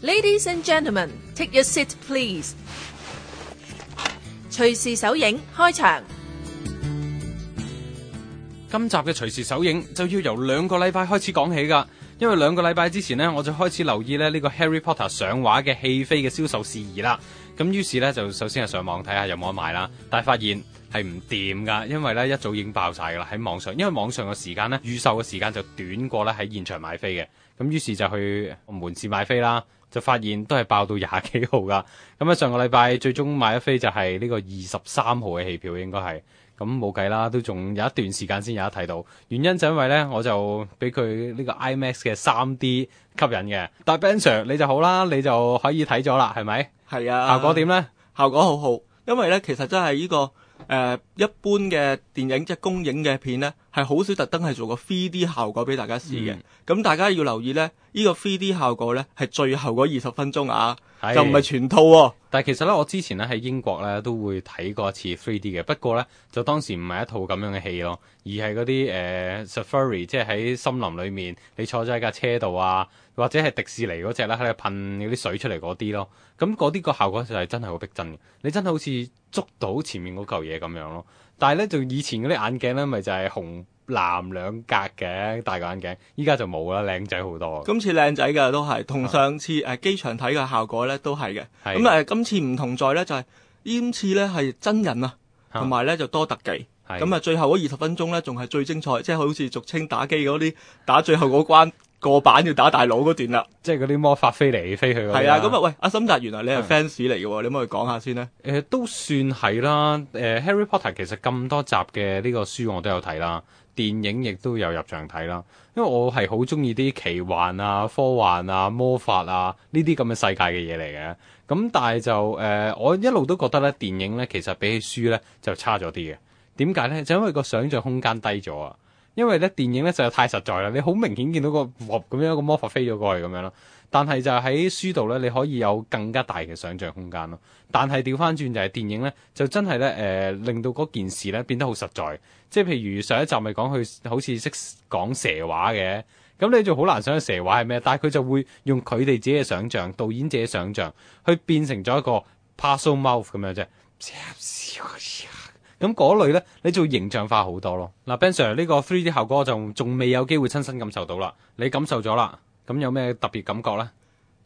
Ladies and gentlemen, take your seat, please。隨時首映開場。今集嘅隨時首映就要由兩個禮拜開始講起噶，因為兩個禮拜之前呢，我就開始留意咧呢個 Harry Potter 上畫嘅戲飛嘅銷售事宜啦。咁於是呢，就首先係上網睇下有冇得賣啦，但係發現係唔掂噶，因為呢一早已經爆晒噶啦喺網上，因為網上嘅時間呢，預售嘅時間就短過咧喺現場買飛嘅。咁於是就去門市買飛啦。就發現都係爆到廿幾號㗎。咁喺上個禮拜最終買一飛就係呢個二十三號嘅戲票，應該係咁冇計啦，都仲有一段時間先有得睇到。原因就因為咧，我就俾佢呢個 IMAX 嘅三 D 吸引嘅。但係 Ben Sir 你就好啦，你就可以睇咗啦，係咪？係啊。效果點咧？效果好好，因為咧其實真係呢個誒、呃、一般嘅電影即係公映嘅片咧。係好少特登係做個 3D 效果俾大家試嘅，咁、嗯、大家要留意呢，呢、這個 3D 效果呢係最後嗰二十分鐘啊，是就唔係全套、啊。但係其實呢，我之前咧喺英國呢都會睇過一次 3D 嘅，不過呢，就當時唔係一套咁樣嘅戲咯，而係嗰啲誒、呃、Safari 即係喺森林裏面你坐咗喺架車度啊，或者係迪士尼嗰隻咧喺度噴嗰啲水出嚟嗰啲咯。咁嗰啲個效果就係真係好逼真嘅，你真係好似捉到前面嗰嚿嘢咁樣咯。但係咧，就以前嗰啲眼鏡咧，咪就係紅藍兩格嘅戴個眼鏡。依家就冇啦，靚仔好多。今次靚仔嘅都係，同上次誒機場睇嘅效果咧都係嘅。咁誒的、呃、今次唔同在咧，就係、是、呢次咧係真人啊，同埋咧就多特技。咁啊的，最後嗰二十分鐘咧，仲係最精彩，即係好似俗稱打機嗰啲打最後嗰關。個版要打大佬嗰段啦，即係嗰啲魔法飛嚟飛去嗰啲。係啊，咁啊，喂，阿森達，原來你係 fans 嚟嘅，嗯、你可唔可以講下先咧？誒、呃，都算係啦。誒、呃、Harry Potter 其實咁多集嘅呢個書我都有睇啦，電影亦都有入場睇啦。因為我係好中意啲奇幻啊、科幻啊、魔法啊呢啲咁嘅世界嘅嘢嚟嘅。咁但係就誒、呃，我一路都覺得咧，電影咧其實比起書咧就差咗啲嘅。點解咧？就因為個想象空間低咗啊。因為咧電影咧就太實在啦，你好明顯見到個咁樣一個魔法飛咗過去咁樣咯，但係就喺書度咧，你可以有更加大嘅想象空間咯。但係調翻轉就係電影咧就真係咧誒令到嗰件事咧變得好實在，即係譬如上一集咪講佢好似識講蛇話嘅，咁你就好難想象蛇話係咩，但係佢就會用佢哋自己嘅想象，導演自己想象去變成咗一個 Parselmouth 咁樣啫。咁嗰類咧，你就形象化好多咯。嗱，Ben Sir 呢個 3D 效果就仲未有機會親身感受到啦。你感受咗啦，咁有咩特別感覺咧？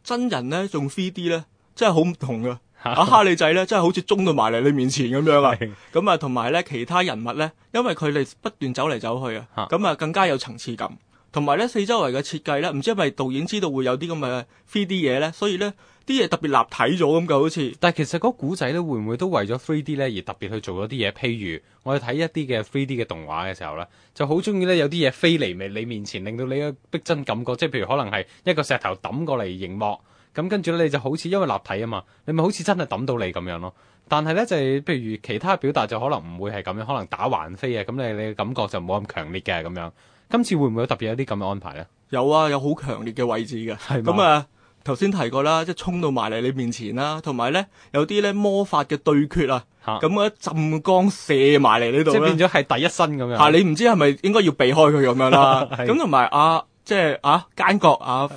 真人咧，仲 3D 咧，真係好唔同噶。阿哈利仔咧，真係好似中到埋嚟你面前咁樣啊。咁啊， 同埋咧，其他人物咧，因為佢哋不斷走嚟走去啊，咁啊，更加有層次感。同埋咧，四周圍嘅設計咧，唔知係咪導演知道會有啲咁嘅 3D 嘢咧，所以咧。啲嘢特別立體咗咁嘅好似，但係其實嗰古仔咧，會唔會都為咗 3D 咧而特別去做咗啲嘢？譬如我哋睇一啲嘅 3D 嘅動畫嘅時候咧，就好中意咧有啲嘢飛嚟面你面前，令到你嘅逼真感覺。即係譬如可能係一個石頭抌過嚟熒幕，咁跟住咧你就好似因為立體啊嘛，你咪好似真係抌到你咁樣咯。但係咧就係、是、譬如其他表達就可能唔會係咁樣，可能打橫飛啊，咁你，你嘅感覺就冇咁強烈嘅咁樣。今次會唔會有特別有啲咁嘅安排咧？有啊，有好強烈嘅位置嘅，係嘛嗎？頭先提過啦，即係衝到埋嚟你面前啦，同埋咧有啲咧魔法嘅對決啊，咁啊一浸光射埋嚟呢度，即係變咗係第一身咁樣。吓、啊、你唔知係咪應該要避開佢咁樣啦？咁同埋啊，即係啊奸角啊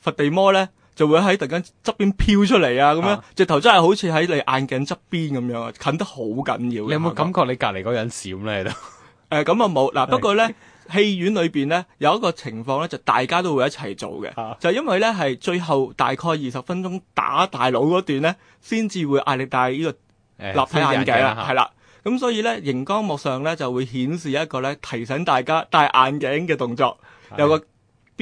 佛地魔咧，就會喺突然間側邊飄出嚟啊，咁、啊、樣直頭真係好似喺你眼鏡側邊咁樣啊，近得好緊要。你有冇感覺你隔籬嗰人閃咧喺度？誒、 啊，咁啊冇嗱，不過咧。對 戲院裏邊呢，有一個情況呢，就大家都會一齊做嘅，啊、就因為呢，係最後大概二十分鐘打大佬嗰段呢，先至會嗌你戴呢個立體眼鏡啦，係啦、哎，咁了、嗯、所以呢，熒光幕上呢，就會顯示一個呢，提醒大家戴眼鏡嘅動作，的有個。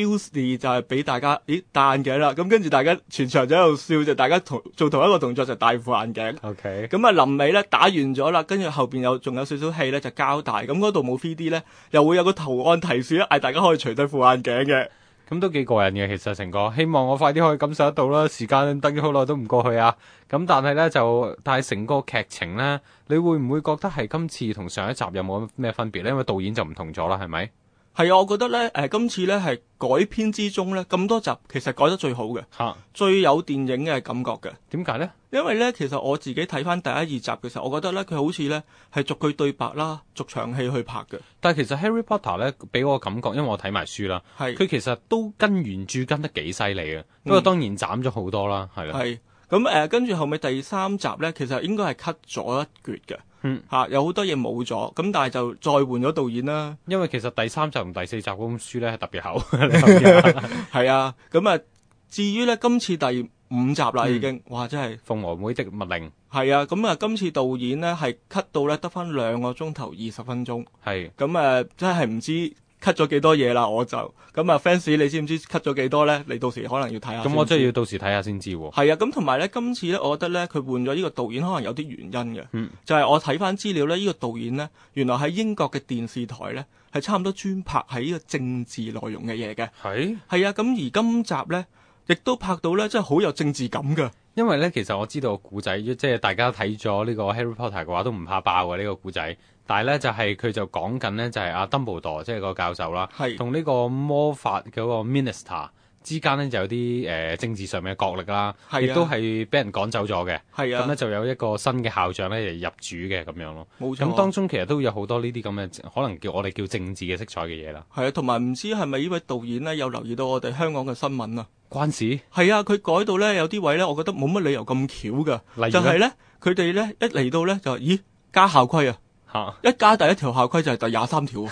3D 就係俾大家咦，咦戴眼鏡啦，咁跟住大家全場就喺度笑就，大家同做同一個動作就戴副眼鏡。OK，咁啊臨尾咧打完咗啦，跟住後邊有仲有少少戲咧就交代，咁嗰度冇 3D 咧又會有個圖案提示，嗌大家可以除低副眼鏡嘅，咁都幾過癮嘅其實,其實成個，希望我快啲可以感受得到啦，時間等咗好耐都唔過去啊，咁但係咧就但係成個劇情咧，你會唔會覺得係今次同上一集有冇咩分別咧？因為導演就唔同咗啦，係咪？係啊，我覺得咧，誒、呃、今次咧係改編之中咧咁多集，其實改得最好嘅，嚇、啊，最有電影嘅感覺嘅。點解咧？因為咧，其實我自己睇翻第一二集嘅時候，我覺得咧佢好似咧係逐句對白啦，逐場戲去拍嘅。但係其實《Harry Potter》咧俾我感覺，因為我睇埋書啦，係佢是其實都跟原著跟得幾犀利嘅，不過當然斬咗好多啦，係啦、嗯。係咁誒，跟住是、嗯呃、後尾第三集咧，其實應該係 cut 咗一橛嘅。嗯吓、啊，有好多嘢冇咗，咁但係就再換咗導演啦。因為其實第三集同第四集嗰本書咧係特別厚，係 啊。咁、嗯、啊，至於咧今次第五集啦，已經哇真係《鳳凰會的密令》係啊。咁、嗯、啊，今次導演呢係 cut 到咧得翻兩個鐘頭二十分鐘，係咁啊，真係唔知 cut 咗幾多嘢啦？我就咁啊，fans 你知唔知 cut 咗幾多咧？你到時可能要睇下。咁我真係要到時睇下先知喎、哦。係啊，咁同埋咧，今次咧，我覺得咧，佢換咗呢個導演，可能有啲原因嘅。嗯。就係我睇翻資料咧，呢個導演咧，原來喺英國嘅電視台咧，係差唔多專拍喺呢個政治內容嘅嘢嘅。係。係啊，咁而今集咧，亦都拍到咧，真係好有政治感㗎。因為咧，其實我知道個故仔，即係大家睇咗呢個《Harry Potter》嘅話，都唔怕爆嘅呢、呢個故仔。但係咧，就係、是、佢就講緊咧，就係阿 Dumbledore，即係個教授啦，同呢是個魔法嗰個 Minister。之間咧就有啲誒、呃、政治上面嘅角力啦，啊、亦都係俾人趕走咗嘅。係啊，咁呢就有一個新嘅校長咧入主嘅咁樣咯。冇錯錯。咁當中其實都有好多呢啲咁嘅可能叫我哋叫政治嘅色彩嘅嘢啦。係啊，同埋唔知係咪呢位導演呢有留意到我哋香港嘅新聞啊？關事？係啊，佢改到呢有啲位呢，我覺得冇乜理由咁巧噶。例如就係呢，佢哋呢，呢一嚟到呢，就話，咦，加校規啊！吓，一加第一條校規就係第廿三條，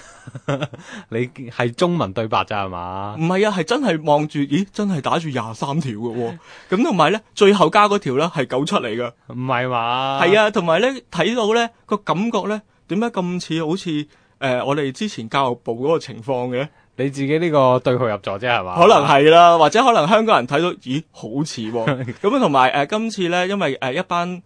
你係中文對白咋係嘛？唔係啊，係真係望住，咦，真係打住廿三條嘅喎。咁同埋咧，最後加嗰條咧係狗出嚟嘅，唔係嘛？係啊，同埋咧睇到咧個感覺咧，點解咁似？好似誒，我哋之前教育部嗰個情況嘅，你自己呢個對號入座啫係嘛？ 可能係啦，或者可能香港人睇到，咦，好似咁啊。同埋誒，今次咧，因為誒、呃、一班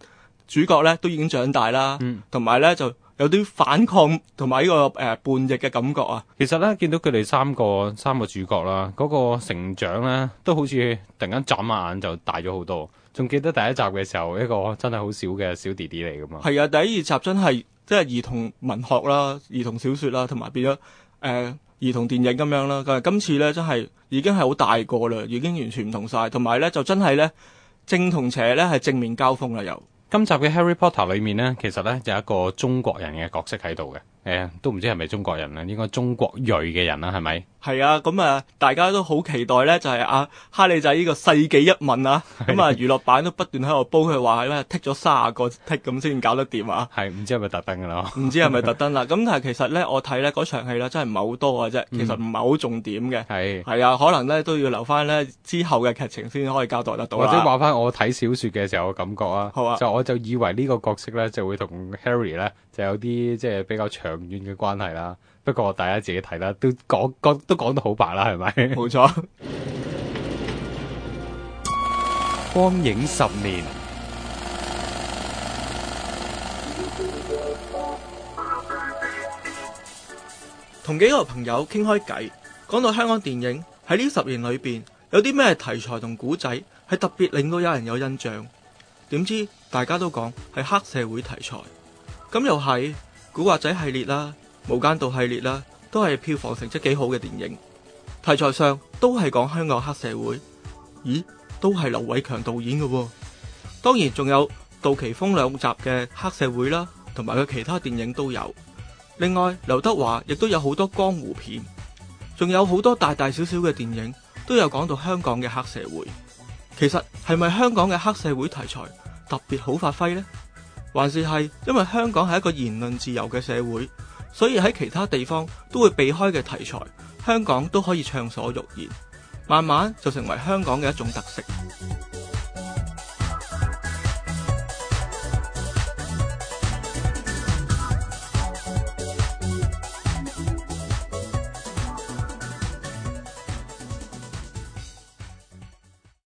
主角咧都已經長大啦，同埋咧就。就有啲反抗同埋呢個誒、呃、叛逆嘅感覺啊！其實呢，見到佢哋三個三個主角啦，嗰、嗰個成長呢，都好似突然間眨眼就大咗好多。仲記得第一集嘅時候，一個真係好小嘅小弟弟嚟㗎嘛？係啊，第一二集真係即係兒童文學啦、兒童小説啦，同埋變咗誒、呃、兒童電影咁樣啦。但係今次呢，真係已經係好大個啦，已經完全唔同晒。同埋呢，就真係呢，正同邪呢係正面交鋒啦，又。今集嘅《Harry Potter》裏面咧，其實咧就有一個中國人嘅角色喺度嘅。誒，都唔知係咪中國人咧？應該中國裔嘅人啦，係咪？係啊，咁、嗯、啊，大家都好期待咧，就係、是、阿、啊、哈利仔呢個世紀一吻啊。咁是啊、嗯，娛樂版都不斷喺度煲佢話係咧，剔咗卅個剔咁先搞得掂啊！係唔知係咪特登噶啦？唔知係咪特登啦？咁 但係其實咧，我睇咧嗰場戲咧，真係唔係好多啊。啫。其實唔係好重點嘅。係係、嗯、啊、啊，可能咧都要留翻咧之後嘅劇情先可以交代得到啦。或者話翻我睇小說嘅時候嘅感覺啊，好啊就我就以為呢個角色咧就會同 Harry 咧就有啲即係比較長。長遠嘅關係啦，不過大家自己睇啦，都講講都講得好白啦，係咪？冇錯。光影十年，同幾個朋友傾開偈，講到香港電影喺呢十年裏邊有啲咩題材同古仔係特別令到有人有印象，點知大家都講係黑社會題材，咁又係。《古惑仔》系列啦，《無間道》系列啦，都係票房成績幾好嘅電影，題材上都係講香港黑社會。咦，都係劉偉強導演嘅。當然，仲有杜琪峰兩集嘅黑社會啦，同埋佢其他電影都有。另外，劉德華亦都有好多江湖片，仲有好多大大小小嘅電影都有講到香港嘅黑社會。其實係咪香港嘅黑社會題材特別好發揮呢？還是係因為香港係一個言論自由嘅社會，所以喺其他地方都會避開嘅題材，香港都可以暢所欲言，慢慢就成為香港嘅一種特色。